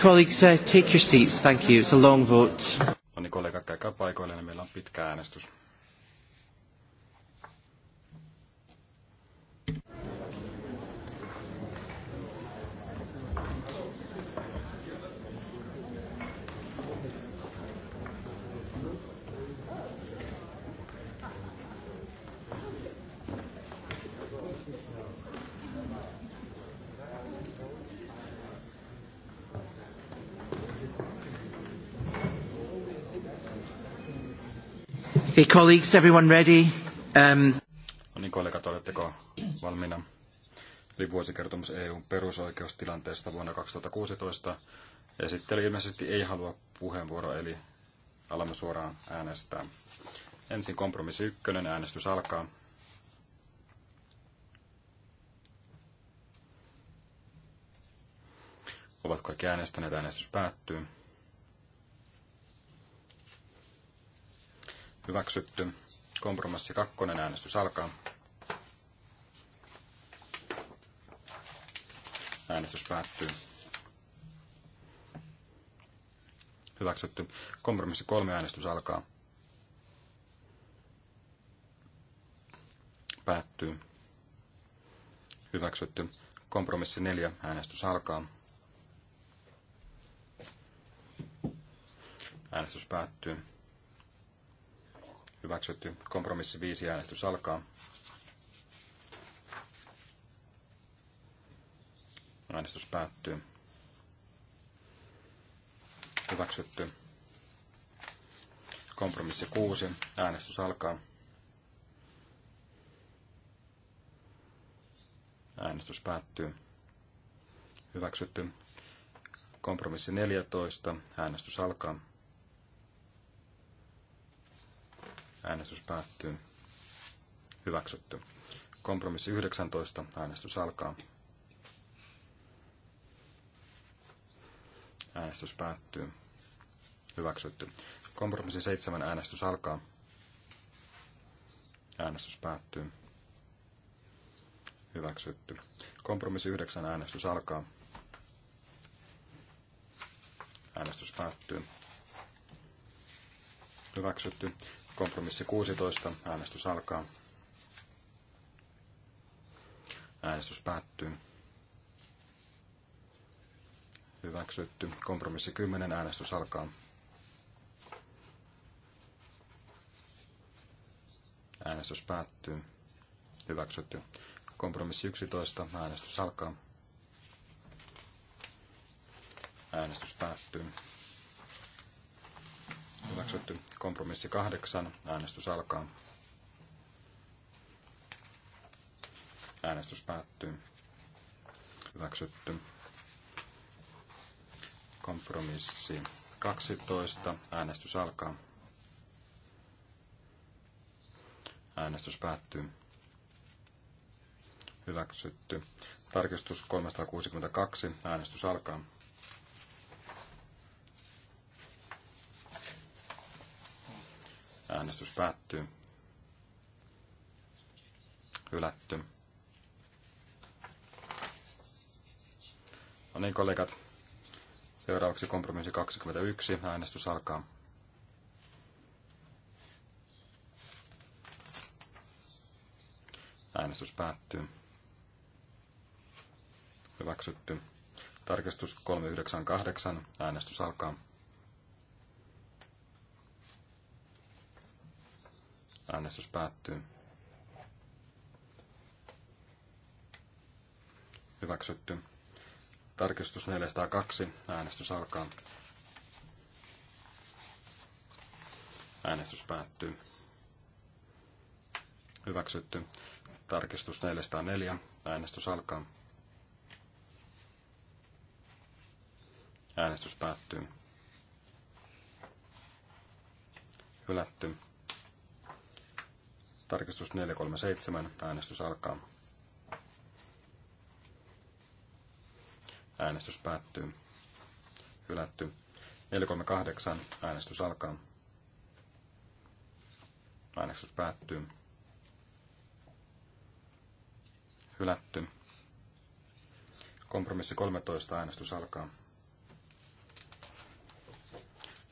colleagues, uh, take your seats. Thank you. It's a long vote. No niin, kollegat, käykää paikoilleen. Meillä on pitkä äänestys. Hey colleagues, everyone ready? Um... No niin, kollegat, oletteko valmiina? Eli vuosikertomus EUn perusoikeustilanteesta vuonna 2016. Esittely ilmeisesti ei halua puheenvuoroa, eli alamme suoraan äänestää. Ensin kompromissi ykkönen, äänestys alkaa. Ovat kaikki äänestäneet, äänestys päättyy. Hyväksytty. Kompromissi kakkonen äänestys alkaa. Äänestys päättyy. Hyväksytty. Kompromissi kolme äänestys alkaa. Päättyy. Hyväksytty. Kompromissi neljä äänestys alkaa. Äänestys päättyy hyväksytty. Kompromissi viisi äänestys alkaa. Äänestys päättyy. Hyväksytty. Kompromissi 6. Äänestys alkaa. Äänestys päättyy. Hyväksytty. Kompromissi 14. Äänestys alkaa. Äänestys päättyy. Hyväksytty. Kompromissi 19. Äänestys alkaa. Äänestys päättyy. Hyväksytty. Kompromissi 7. Äänestys alkaa. Äänestys päättyy. Hyväksytty. Kompromissi 9. Äänestys alkaa. Äänestys päättyy. Hyväksytty. Kompromissi 16. Äänestys alkaa. Äänestys päättyy. Hyväksytty. Kompromissi 10. Äänestys alkaa. Äänestys päättyy. Hyväksytty. Kompromissi 11. Äänestys alkaa. Äänestys päättyy. Hyväksytty. Kompromissi kahdeksan. Äänestys alkaa. Äänestys päättyy. Hyväksytty. Kompromissi 12. Äänestys alkaa. Äänestys päättyy. Hyväksytty. Tarkistus 362. Äänestys alkaa. Äänestys päättyy. Hylätty. No niin, kollegat. Seuraavaksi kompromissi 21. Äänestys alkaa. Äänestys päättyy. Hyväksytty. Tarkistus 398. Äänestys alkaa. Äänestys päättyy. Hyväksytty. Tarkistus 402. Äänestys alkaa. Äänestys päättyy. Hyväksytty. Tarkistus 404. Äänestys alkaa. Äänestys päättyy. Hylätty. Tarkistus 437. Äänestys alkaa. Äänestys päättyy. Hylätty. 438. Äänestys alkaa. Äänestys päättyy. Hylätty. Kompromissi 13. Äänestys alkaa.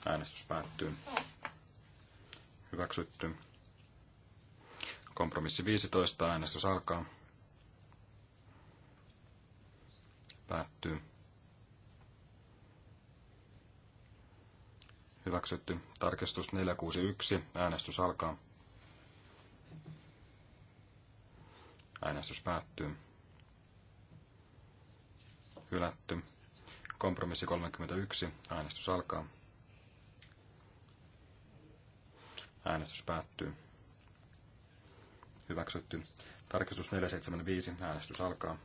Äänestys päättyy. Hyväksytty. Kompromissi 15. Äänestys alkaa. Päättyy. Hyväksytty. Tarkistus 461. Äänestys alkaa. Äänestys päättyy. Hylätty. Kompromissi 31. Äänestys alkaa. Äänestys päättyy hyväksytty. Tarkistus 475, äänestys alkaa.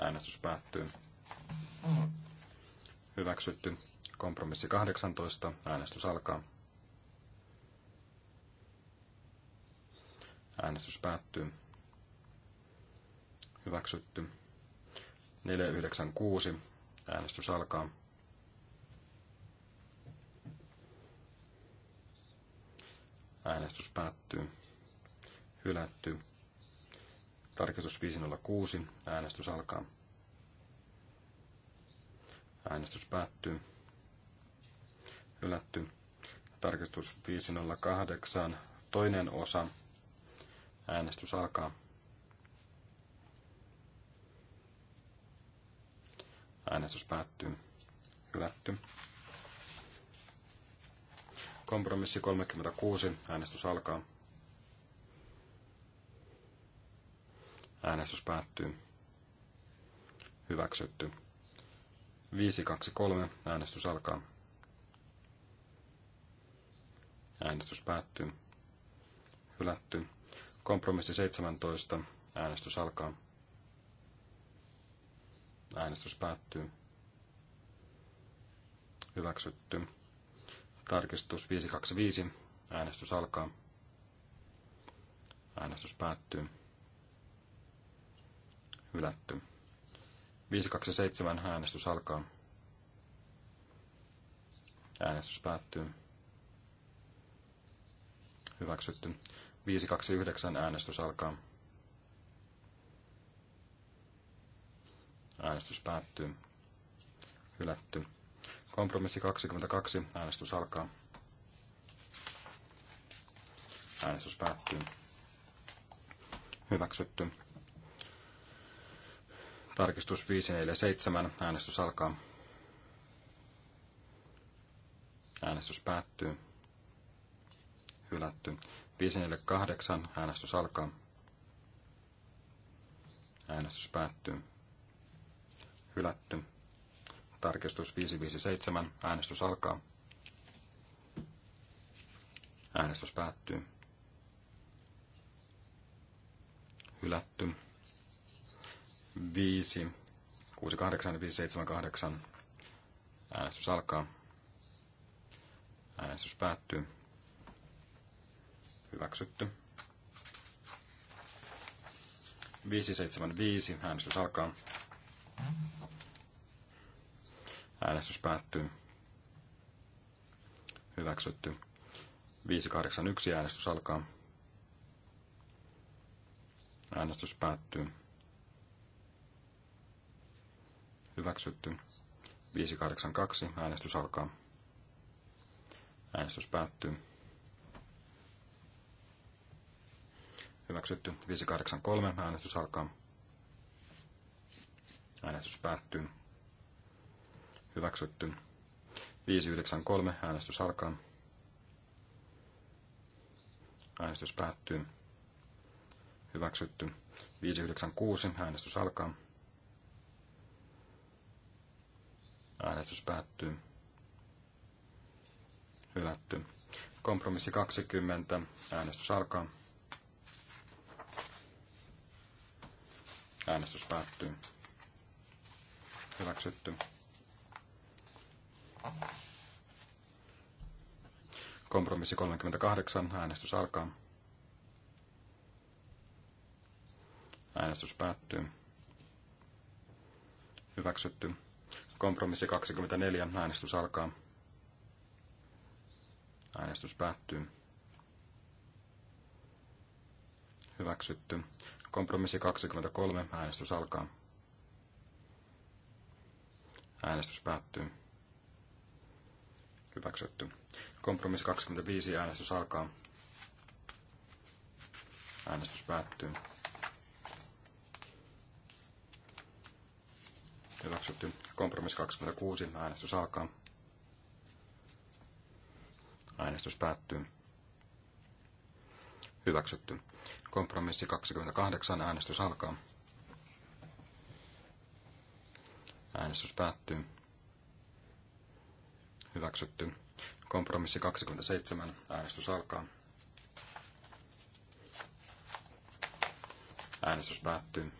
Äänestys päättyy. Hyväksytty. Kompromissi 18, äänestys alkaa. Äänestys päättyy. Hyväksytty. 496, äänestys alkaa. Äänestys päättyy. Hylätty. Tarkistus 506. Äänestys alkaa. Äänestys päättyy. Hylätty. Tarkistus 508. Toinen osa. Äänestys alkaa. Äänestys päättyy. Hylätty. Kompromissi 36. Äänestys alkaa. Äänestys päättyy. Hyväksytty. 523. Äänestys alkaa. Äänestys päättyy. Hylätty. Kompromissi 17. Äänestys alkaa. Äänestys päättyy. Hyväksytty. Tarkistus 525. Äänestys alkaa. Äänestys päättyy. Hylätty. 527. Äänestys alkaa. Äänestys päättyy. Hyväksytty. 529. Äänestys alkaa. Äänestys päättyy. Hylätty. Kompromissi 22. Äänestys alkaa. Äänestys päättyy. Hyväksytty. Tarkistus 547. Äänestys alkaa. Äänestys päättyy. Hylätty. 548. Äänestys alkaa. Äänestys päättyy. Hylätty. Tarkistus 557. Äänestys alkaa. Äänestys päättyy. Hylätty. 5, 68 ja 578. Äänestys alkaa. Äänestys päättyy. Hyväksytty. 575. Äänestys alkaa. Äänestys päättyy. Hyväksytty. 581 äänestys alkaa. Äänestys päättyy. Hyväksytty. 582 äänestys alkaa. Äänestys päättyy. Hyväksytty. 583 äänestys alkaa. Äänestys päättyy. Hyväksytty. 593. Äänestys alkaa. Äänestys päättyy. Hyväksytty. 596. Äänestys alkaa. Äänestys päättyy. Hylätty. Kompromissi 20. Äänestys alkaa. Äänestys päättyy. Hyväksytty. Kompromissi 38. Äänestys alkaa. Äänestys päättyy. Hyväksytty. Kompromissi 24. Äänestys alkaa. Äänestys päättyy. Hyväksytty. Kompromissi 23. Äänestys alkaa. Äänestys päättyy. Hyväksytty. Kompromissi 25. Äänestys alkaa. Äänestys päättyy. Hyväksytty. Kompromissi 26. Äänestys alkaa. Äänestys päättyy. Hyväksytty. Kompromissi 28. Äänestys alkaa. Äänestys päättyy. Hyväksytty. Kompromissi 27. Äänestys alkaa. Äänestys päättyy.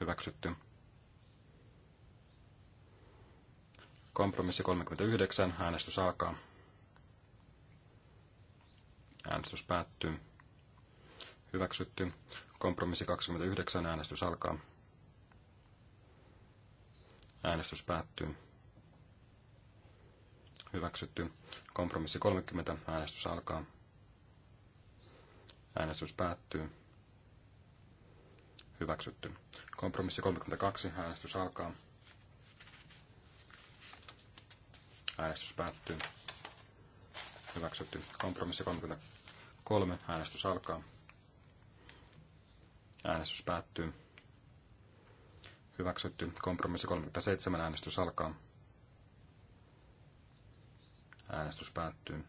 Hyväksytty. Kompromissi 39. Äänestys alkaa. Äänestys päättyy. Hyväksytty. Kompromissi 29. Äänestys alkaa. Äänestys päättyy. Hyväksytty. Kompromissi 30. Äänestys alkaa. Äänestys päättyy. Hyväksytty. Kompromissi 32. Äänestys alkaa. Äänestys päättyy. Hyväksytty. Kompromissi 33. Äänestys alkaa. Äänestys päättyy. Hyväksytty. Kompromissi 37. Äänestys alkaa. Äänestys päättyy.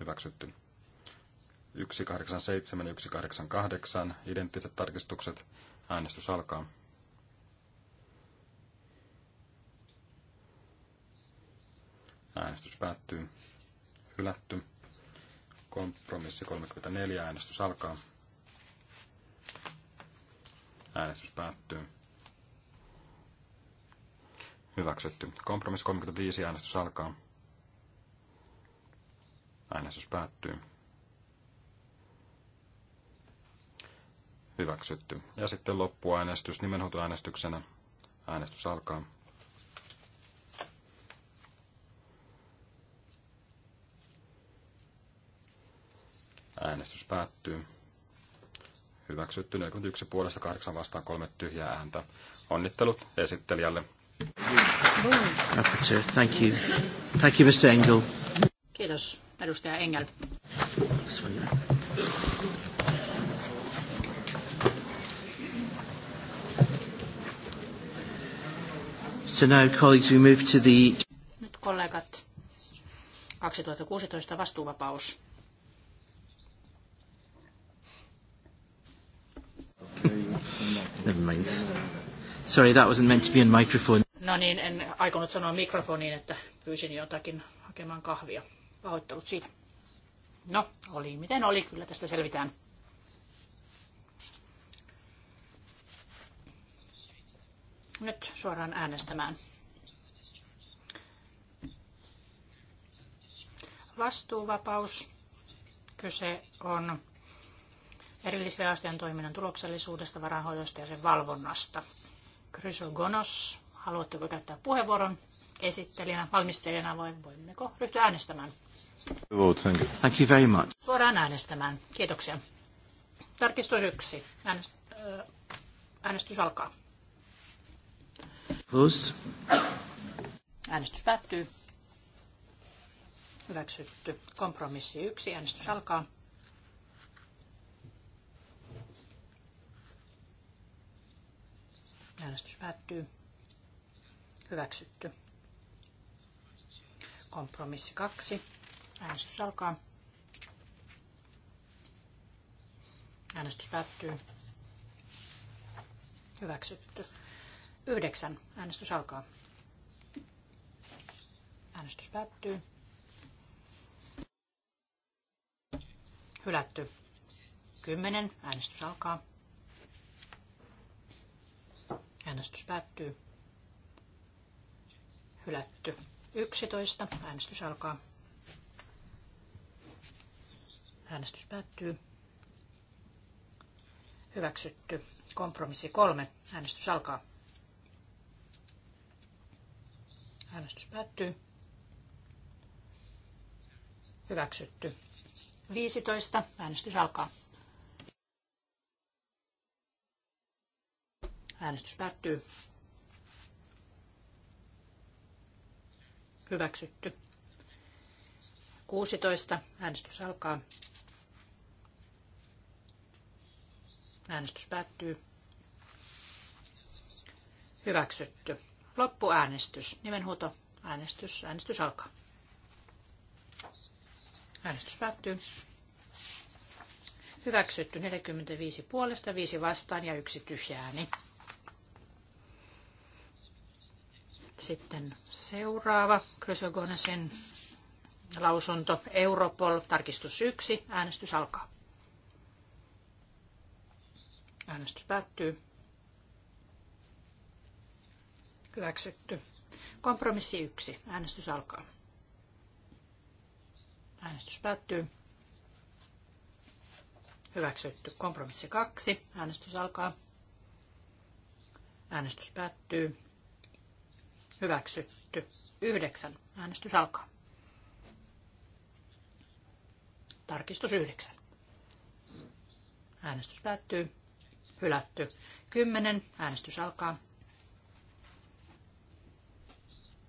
Hyväksytty. 187 ja 188 identtiset tarkistukset. Äänestys alkaa. Äänestys päättyy. Hylätty. Kompromissi 34. Äänestys alkaa. Äänestys päättyy. Hyväksytty. Kompromissi 35. Äänestys alkaa. Äänestys päättyy. Hyväksytty. Ja sitten loppuäänestys nimenhoitoäänestyksenä. Äänestys alkaa. Äänestys päättyy. Hyväksytty 41 puolesta 8 vastaan 3 tyhjää ääntä. Onnittelut esittelijälle. Thank you. Thank you, Mr. Engel. Kiitos. Edustaja Engel. So now, colleagues, we move to the... Nyt kollegat, 2016 vastuuvapaus. Never mind. Sorry, that wasn't meant to be on microphone. No niin, en aikonut sanoa mikrofoniin, että pyysin jotakin hakemaan kahvia. Pahoittelut siitä. No, oli miten oli, kyllä tästä selvitään. Nyt suoraan äänestämään. Vastuuvapaus. Kyse on erillisvirastojen toiminnan tuloksellisuudesta, varanhoidosta ja sen valvonnasta. Krysogonos, haluatteko käyttää puheenvuoron esittelijänä, valmistelijana vai voimmeko ryhtyä äänestämään? Thank you very much. Suoraan äänestämään. Kiitoksia. Tarkistus yksi. Äänest, äh, äänestys alkaa. Close. Äänestys päättyy. Hyväksytty. Kompromissi yksi. Äänestys alkaa. Äänestys päättyy. Hyväksytty. Kompromissi kaksi. Äänestys alkaa. Äänestys päättyy. Hyväksytty. Yhdeksän. Äänestys alkaa. Äänestys päättyy. Hylätty. Kymmenen. Äänestys alkaa. Äänestys päättyy. Hylätty. Yksitoista. Äänestys alkaa. Äänestys päättyy. Hyväksytty. Kompromissi kolme. Äänestys alkaa. Äänestys päättyy. Hyväksytty. 15. Äänestys alkaa. Äänestys päättyy. Hyväksytty. 16. Äänestys alkaa. Äänestys päättyy. Hyväksytty. Loppuäänestys. Nimenhuuto. Äänestys. Äänestys alkaa. Äänestys päättyy. Hyväksytty 45 puolesta, 5 vastaan ja yksi tyhjä ääni. Sitten seuraava Krysogonesen lausunto Europol, tarkistus 1, äänestys alkaa. Äänestys päättyy. Hyväksytty. Kompromissi 1. Äänestys alkaa. Äänestys päättyy. Hyväksytty. Kompromissi 2. Äänestys alkaa. Äänestys päättyy. Hyväksytty. 9. Äänestys alkaa. Tarkistus 9. Äänestys päättyy hylätty. 10. Äänestys alkaa.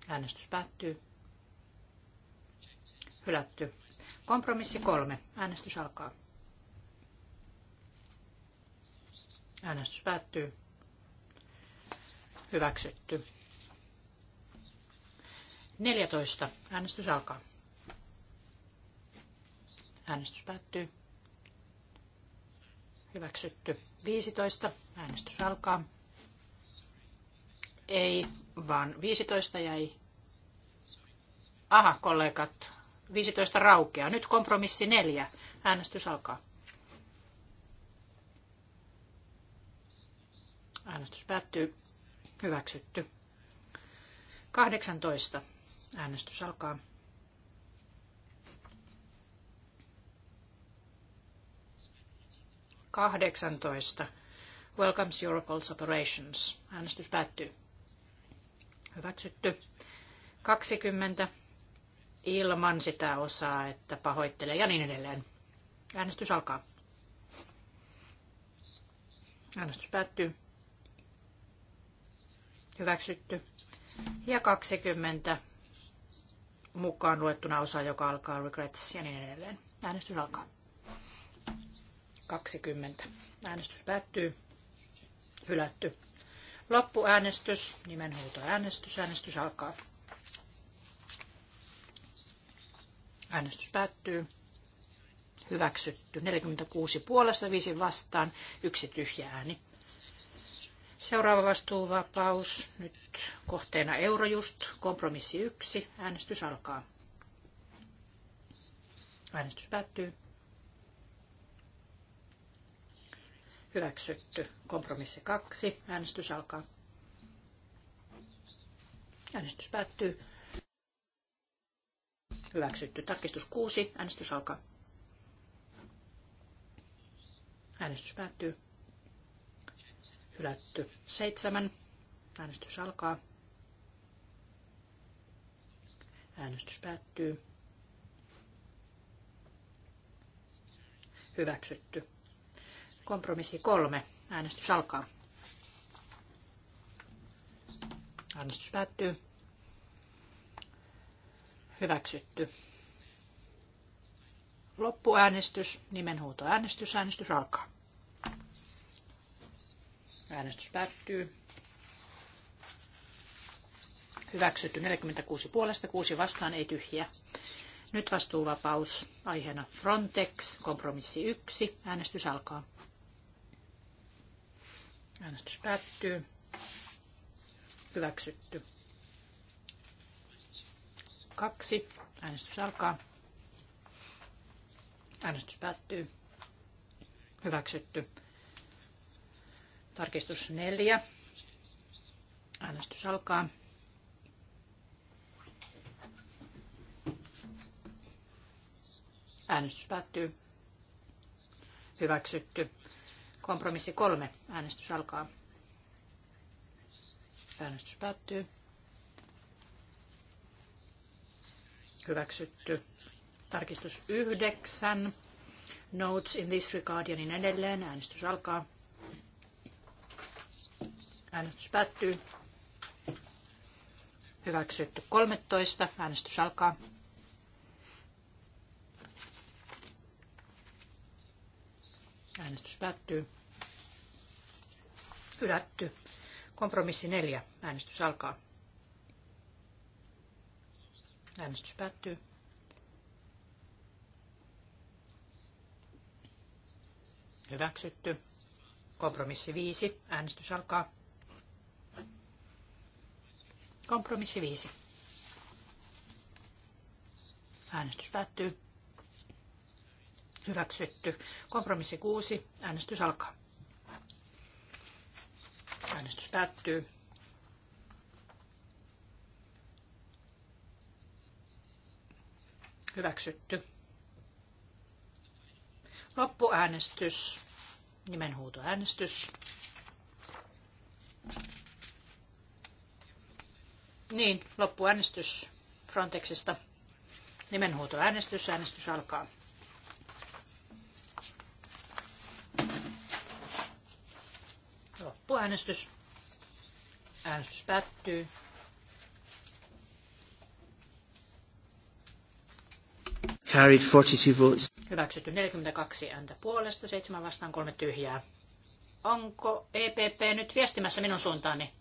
Äänestys päättyy. Hylätty. Kompromissi kolme. Äänestys alkaa. Äänestys päättyy. Hyväksytty. 14. Äänestys alkaa. Äänestys päättyy. Hyväksytty. 15. Äänestys alkaa. Ei, vaan 15 jäi. Aha, kollegat. 15 raukeaa. Nyt kompromissi 4. Äänestys alkaa. Äänestys päättyy. Hyväksytty. 18. Äänestys alkaa. 18. Welcomes Europol's Operations. Äänestys päättyy. Hyväksytty. 20. Ilman sitä osaa, että pahoittelee ja niin edelleen. Äänestys alkaa. Äänestys päättyy. Hyväksytty. Ja 20 mukaan luettuna osa, joka alkaa regrets ja niin edelleen. Äänestys alkaa. 20. Äänestys päättyy. Hylätty. Loppuäänestys, nimenhuutoäänestys. Äänestys alkaa. Äänestys päättyy. Hyväksytty. 46 puolesta, 5 vastaan, yksi tyhjä ääni. Seuraava vastuuvapaus. Nyt kohteena Eurojust. Kompromissi 1. Äänestys alkaa. Äänestys päättyy. Hyväksytty. Kompromissi kaksi. Äänestys alkaa. Äänestys päättyy. Hyväksytty. Tarkistus 6. Äänestys alkaa. Äänestys päättyy. Hylätty. 7. Äänestys alkaa. Äänestys päättyy. Hyväksytty. Kompromissi kolme. Äänestys alkaa. Äänestys päättyy. Hyväksytty. Loppuäänestys, Nimenhuuto äänestys alkaa. Äänestys päättyy. Hyväksytty 46 puolesta, 6 vastaan, ei tyhjiä. Nyt vastuuvapaus, aiheena Frontex, kompromissi 1, äänestys alkaa. Äänestys päättyy. Hyväksytty. Kaksi. Äänestys alkaa. Äänestys päättyy. Hyväksytty. Tarkistus neljä. Äänestys alkaa. Äänestys päättyy. Hyväksytty. Kompromissi kolme. Äänestys alkaa. Äänestys päättyy. Hyväksytty. Tarkistus yhdeksän. Notes in this regard ja niin edelleen. Äänestys alkaa. Äänestys päättyy. Hyväksytty 13. Äänestys alkaa. Äänestys päättyy. Hylätty. Kompromissi neljä. Äänestys alkaa. Äänestys päättyy. Hyväksytty. Kompromissi 5. Äänestys alkaa. Kompromissi 5. Äänestys päättyy. Hyväksytty. Kompromissi 6. Äänestys alkaa. Äänestys päättyy. Hyväksytty. Loppuäänestys. Nimenhuutoäänestys. Niin, loppuäänestys Frontexista. Nimenhuutoäänestys. Äänestys alkaa. lippuäänestys. Äänestys päättyy. Carried 42 votes. Hyväksytty 42 ääntä puolesta, 7 vastaan, 3 tyhjää. Onko EPP nyt viestimässä minun suuntaani?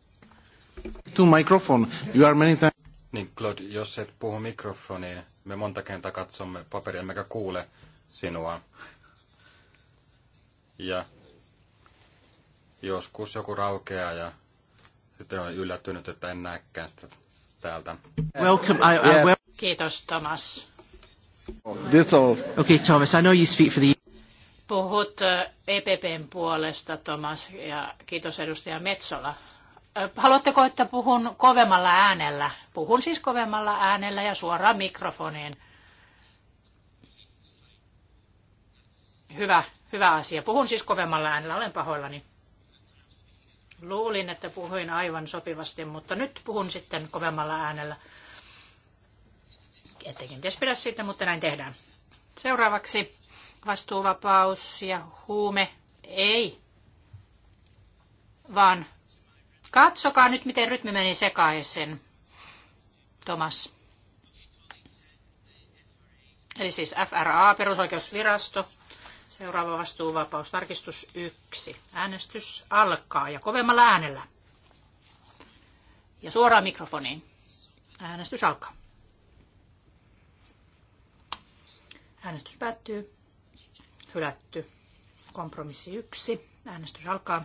To microphone. You are many times... Niin, Claude, jos et puhu mikrofoniin, me monta kertaa katsomme paperia, emmekä kuule sinua. Ja Joskus joku raukeaa ja sitten on yllättynyt, että en näekään sitä täältä. Welcome, I, I, Kiitos, Thomas. That's all. Okay, Thomas, I know you speak for the... Puhut äh, EPPn puolesta, Thomas, ja kiitos edustaja Metsola. Haluatteko, että puhun kovemmalla äänellä? Puhun siis kovemmalla äänellä ja suoraan mikrofoniin. Hyvä, hyvä asia. Puhun siis kovemmalla äänellä, olen pahoillani. Luulin, että puhuin aivan sopivasti, mutta nyt puhun sitten kovemmalla äänellä. Ette kenties pidä siitä, mutta näin tehdään. Seuraavaksi vastuuvapaus ja huume. Ei, vaan katsokaa nyt, miten rytmi meni sekaisin. Thomas. Eli siis FRA, perusoikeusvirasto, Seuraava vastuuvapaus. Tarkistus 1. Äänestys alkaa ja kovemmalla äänellä. Ja suoraan mikrofoniin. Äänestys alkaa. Äänestys päättyy. Hylätty. Kompromissi 1. Äänestys alkaa.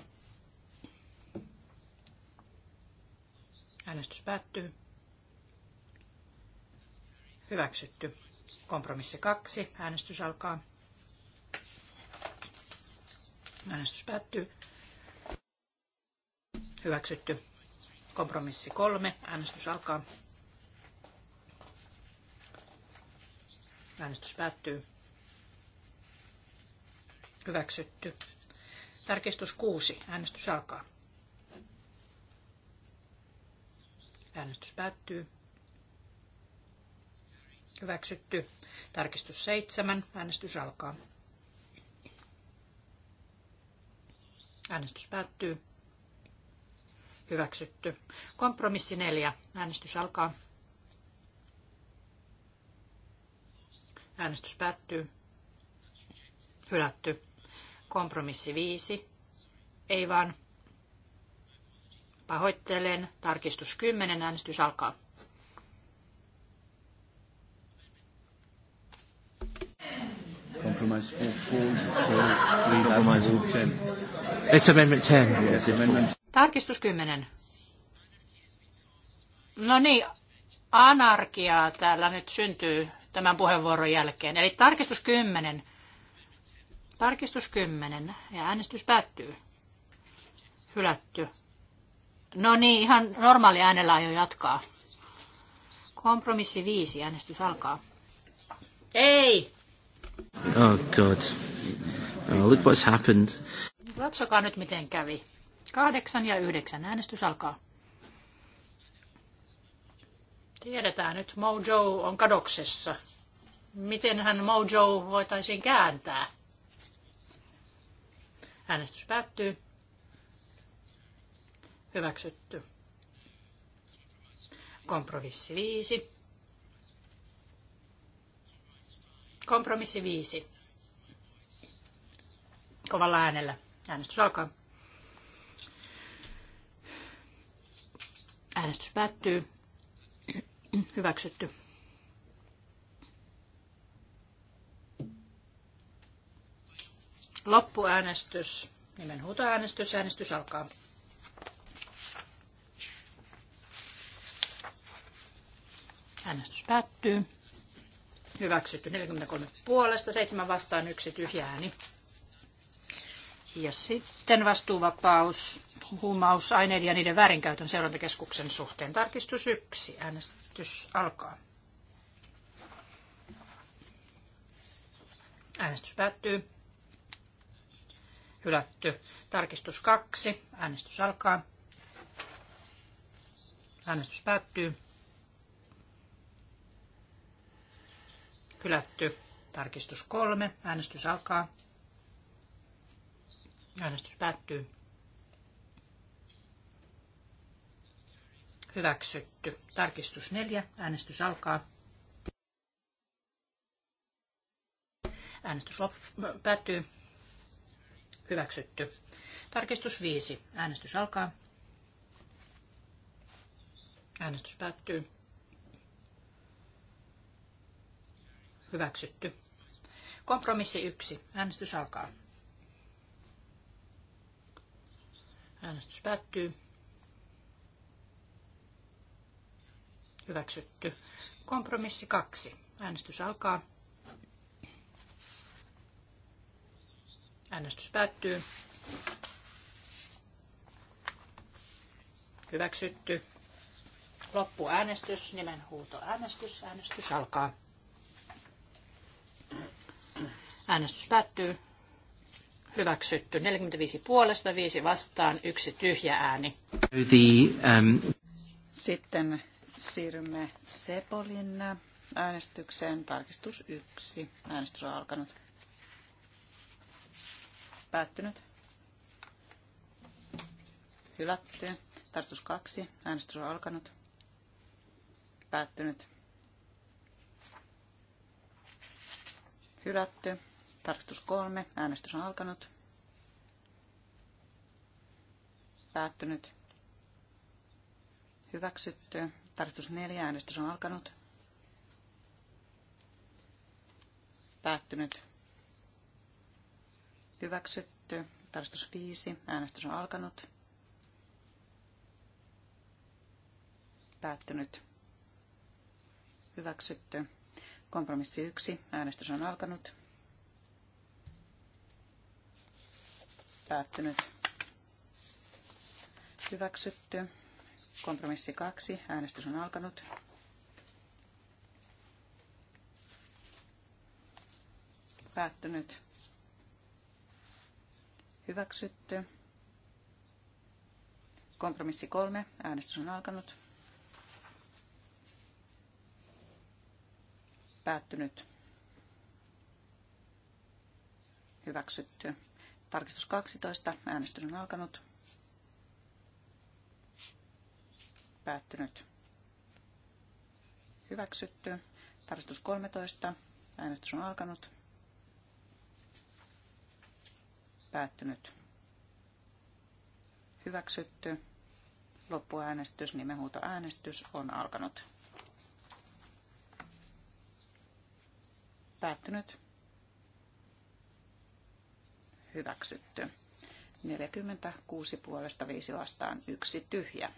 Äänestys päättyy. Hyväksytty. Kompromissi 2. Äänestys alkaa. Äänestys päättyy. Hyväksytty. Kompromissi kolme. Äänestys alkaa. Äänestys päättyy. Hyväksytty. Tarkistus kuusi. Äänestys alkaa. Äänestys päättyy. Hyväksytty. Tarkistus seitsemän. Äänestys alkaa. Äänestys päättyy. Hyväksytty. Kompromissi 4. Äänestys alkaa. Äänestys päättyy. Hylätty. Kompromissi 5. Ei vaan. Pahoittelen. Tarkistus 10. Äänestys alkaa. compromise all falls, compromise It's amendment 10. Yes, amendment. Tarkistus 10. No niin, anarkiaa täällä nyt syntyy tämän puheenvuoron jälkeen. Eli tarkistus 10. Tarkistus 10. Ja äänestys päättyy. Hylätty. No niin, ihan normaali äänellä jo jatkaa. Kompromissi 5. Äänestys alkaa. Ei! Oh god. Oh, look what's happened. Katsokaa nyt miten kävi. Kahdeksan ja yhdeksän äänestys alkaa. Tiedetään nyt, Mojo on kadoksessa. Miten hän Mojo voitaisiin kääntää? Äänestys päättyy. Hyväksytty. Kompromissi viisi. Kompromissi viisi. Kovalla äänellä. Äänestys alkaa. Äänestys päättyy. Hyväksytty. Loppuäänestys, nimenhuutoäänestys, äänestys alkaa. Äänestys päättyy. Hyväksytty 43 puolesta, 7 vastaan, 1 tyhjääni. Ja sitten vastuuvapaus huumausaineiden ja niiden väärinkäytön seurantakeskuksen suhteen. Tarkistus 1. Äänestys alkaa. Äänestys päättyy. Hylätty. Tarkistus 2. Äänestys alkaa. Äänestys päättyy. Hylätty. Tarkistus kolme. Äänestys alkaa. Äänestys päättyy. Hyväksytty. Tarkistus neljä. Äänestys alkaa. Äänestys päättyy. Hyväksytty. Tarkistus 5. Äänestys alkaa. Äänestys päättyy. Hyväksytty. Kompromissi 1. Äänestys alkaa. Äänestys päättyy. Hyväksytty. Kompromissi 2. Äänestys alkaa. Äänestys päättyy. Hyväksytty. Loppuäänestys, äänestys Äänestys alkaa. Äänestys päättyy. Hyväksytty. 45 puolesta, 5 vastaan, yksi tyhjä ääni. The, um... Sitten siirrymme Sepolin äänestykseen. Tarkistus 1. Äänestys on alkanut. Päättynyt. Hylätty. Tarkistus 2. Äänestys on alkanut. Päättynyt. Hylätty. Tarkistus kolme. Äänestys on alkanut. Päättynyt. Hyväksytty. Tarkistus neljä. Äänestys on alkanut. Päättynyt. Hyväksytty. Tarkistus viisi. Äänestys on alkanut. Päättynyt. Hyväksytty. Kompromissi yksi. Äänestys on alkanut. päättynyt. Hyväksytty. Kompromissi 2. Äänestys on alkanut. Päättynyt. Hyväksytty. Kompromissi 3. Äänestys on alkanut. Päättynyt. Hyväksytty. Tarkistus 12. Äänestys on alkanut. Päättynyt. Hyväksytty. Tarkistus 13. Äänestys on alkanut. Päättynyt. Hyväksytty. Loppuäänestys, nimenhuutoäänestys on alkanut. Päättynyt hyväksytty. 46 puolesta 5 vastaan yksi tyhjä.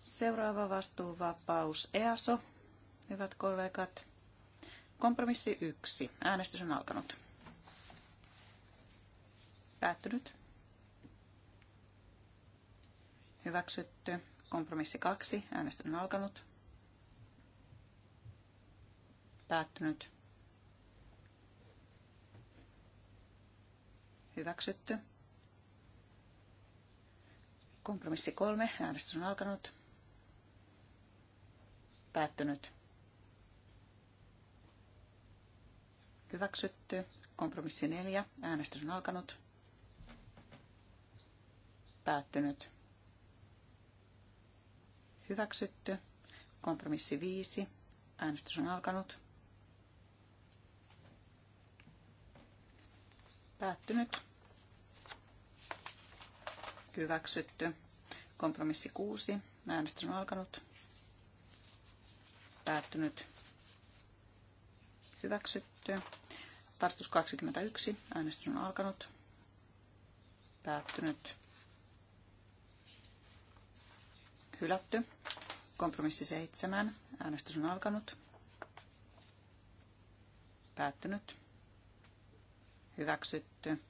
Seuraava vastuuvapaus EASO. Hyvät kollegat, kompromissi 1. Äänestys on alkanut. Päättynyt. Hyväksytty. Kompromissi 2. Äänestys on alkanut. Päättynyt. Hyväksytty. Kompromissi kolme. Äänestys on alkanut. Päättynyt. Hyväksytty. Kompromissi neljä. Äänestys on alkanut. Päättynyt. Hyväksytty. Kompromissi viisi. Äänestys on alkanut. Päättynyt. Hyväksytty. Kompromissi 6. Äänestys on alkanut. Päättynyt. Hyväksytty. Tarstus 21. Äänestys on alkanut. Päättynyt. Hylätty. Kompromissi 7. Äänestys on alkanut. Päättynyt hyväksytty.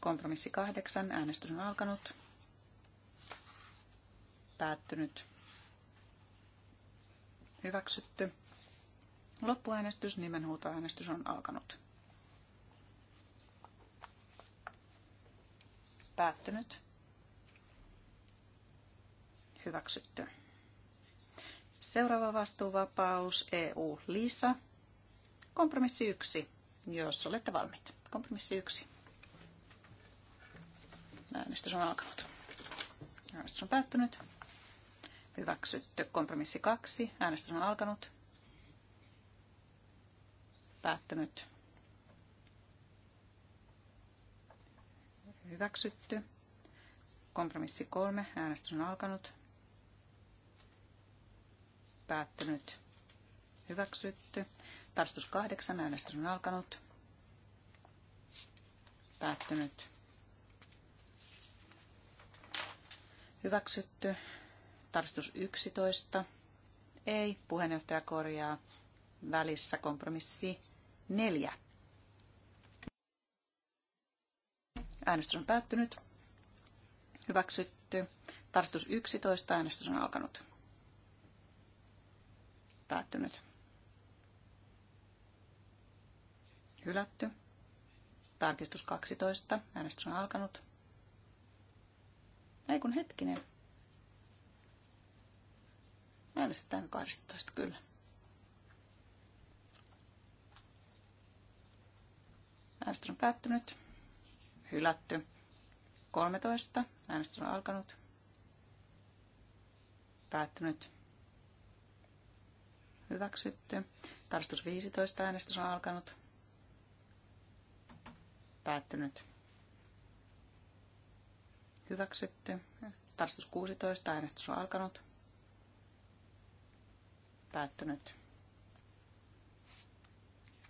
Kompromissi kahdeksan, äänestys on alkanut, päättynyt, hyväksytty. Loppuäänestys, nimenhuutoäänestys on alkanut. Päättynyt. Hyväksytty. Seuraava vastuuvapaus EU-LISA. Kompromissi 1 jos olette valmiit. Kompromissi yksi. Äänestys on alkanut. Äänestys on päättynyt. Hyväksytty. Kompromissi kaksi. Äänestys on alkanut. Päättynyt. Hyväksytty. Kompromissi kolme. Äänestys on alkanut. Päättynyt. Hyväksytty. Tarkistus kahdeksan, äänestys on alkanut. Päättynyt. Hyväksytty. Tarkistus 11. Ei. Puheenjohtaja korjaa. Välissä kompromissi 4. Äänestys on päättynyt. Hyväksytty. Tarkistus 11. Äänestys on alkanut. Päättynyt Hylätty. Tarkistus 12. Äänestys on alkanut. Ei kun hetkinen. Äänestetään 12 kyllä. Äänestys on päättynyt. Hylätty. 13. Äänestys on alkanut. Päättynyt. Hyväksytty. Tarkistus 15. Äänestys on alkanut. Päättynyt. Hyväksytty. Tarkistus 16. Äänestys on alkanut. Päättynyt.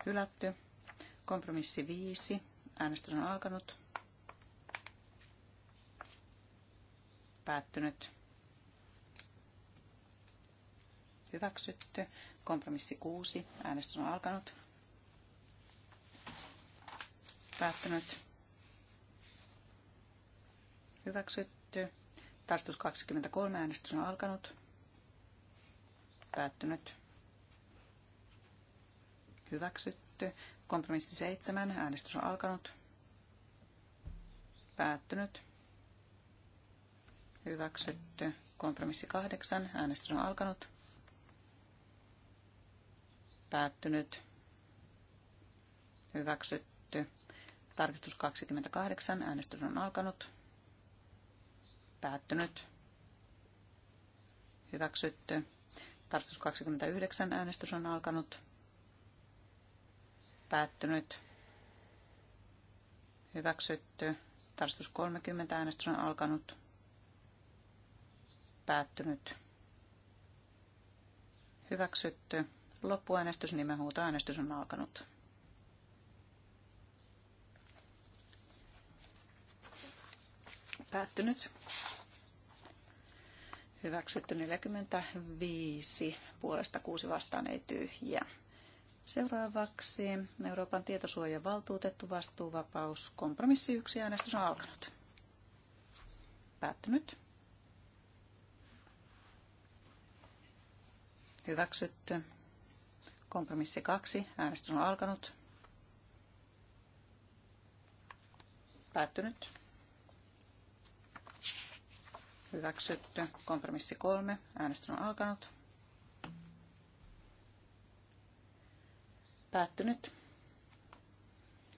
Hylätty. Kompromissi 5. Äänestys on alkanut. Päättynyt. Hyväksytty. Kompromissi 6. Äänestys on alkanut. Päättynyt. Hyväksytty. Tarkistus 23. Äänestys on alkanut. Päättynyt. Hyväksytty. Kompromissi 7. Äänestys on alkanut. Päättynyt. Hyväksytty. Kompromissi 8. Äänestys on alkanut. Päättynyt. Hyväksytty. Tarkistus 28. Äänestys on alkanut. Päättynyt. Hyväksytty. Tarkistus 29. Äänestys on alkanut. Päättynyt. Hyväksytty. Tarkistus 30. Äänestys on alkanut. Päättynyt. Hyväksytty. Loppuäänestys, nimenhuutoäänestys on alkanut. Päättynyt. Hyväksytty 45, puolesta 6 vastaan ei tyhjä. Seuraavaksi Euroopan tietosuojavaltuutettu vastuuvapaus. Kompromissi yksi äänestys on alkanut. Päättynyt. Hyväksytty. Kompromissi 2. Äänestys on alkanut. Päättynyt. Hyväksytty. Kompromissi kolme. Äänestys on alkanut. Päättynyt.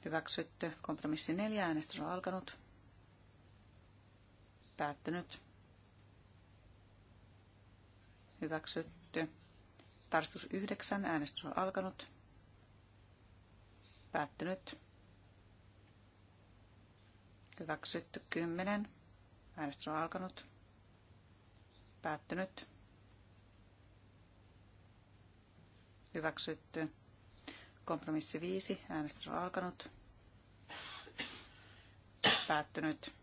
Hyväksytty. Kompromissi neljä. Äänestys on alkanut. Päättynyt. Hyväksytty. Tarstus yhdeksän. Äänestys on alkanut. Päättynyt. Hyväksytty. Kymmenen. Äänestys on alkanut. Päättynyt. Hyväksytty. Kompromissi 5. Äänestys on alkanut. Päättynyt.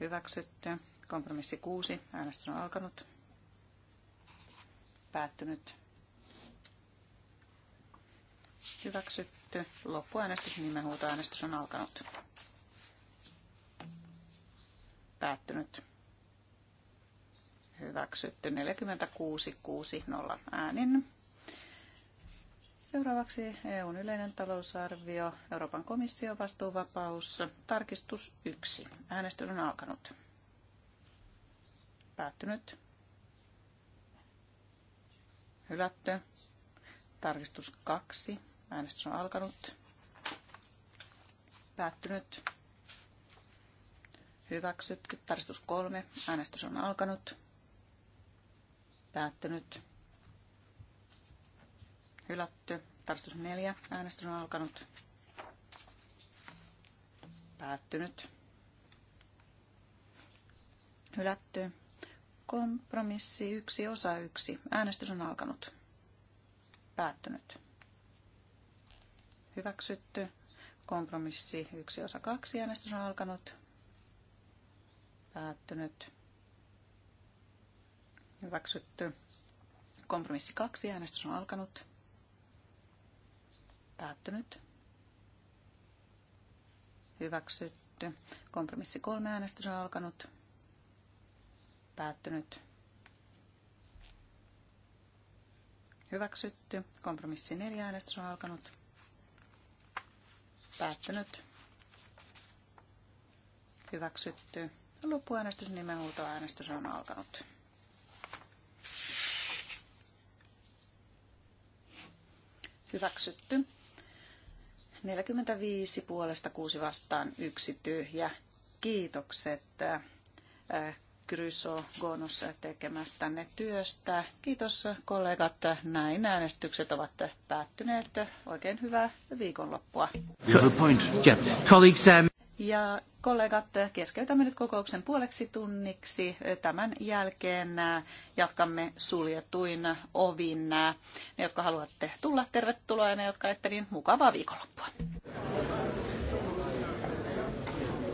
Hyväksytty. Kompromissi 6. Äänestys on alkanut. Päättynyt. Hyväksytty. Loppuäänestys, nimenhuutoäänestys on alkanut. Päättynyt hyväksytty 46 6 äänin. Seuraavaksi EUn yleinen talousarvio, Euroopan komissio vastuuvapaus, tarkistus 1. Äänestys on alkanut. Päättynyt. Hylätty. Tarkistus 2. Äänestys on alkanut. Päättynyt. Hyväksytty. Tarkistus 3. Äänestys on alkanut. Päättynyt. Hylätty. Tarkistus 4. Äänestys on alkanut. Päättynyt. Hylätty. Kompromissi 1 osa 1. Äänestys on alkanut. Päättynyt. Hyväksytty. Kompromissi 1 osa 2. Äänestys on alkanut. Päättynyt. Hyväksytty. Kompromissi 2. Äänestys on alkanut. Päättynyt. Hyväksytty. Kompromissi 3. Äänestys on alkanut. Päättynyt. Hyväksytty. Kompromissi 4. Äänestys on alkanut. Päättynyt. Hyväksytty. Loppuäänestys nimenhuutoäänestys on alkanut. Hyväksytty. 45 puolesta 6 vastaan yksi tyhjä. Kiitokset Kryso äh, Gonus tekemästänne työstä. Kiitos kollegat. Näin äänestykset ovat päättyneet. Oikein hyvää viikonloppua. Ja kollegat, keskeytämme nyt kokouksen puoleksi tunniksi. Tämän jälkeen äh, jatkamme suljetuin ovin. Ne, jotka haluatte tulla, tervetuloa ja ne, jotka ette, niin mukavaa viikonloppua.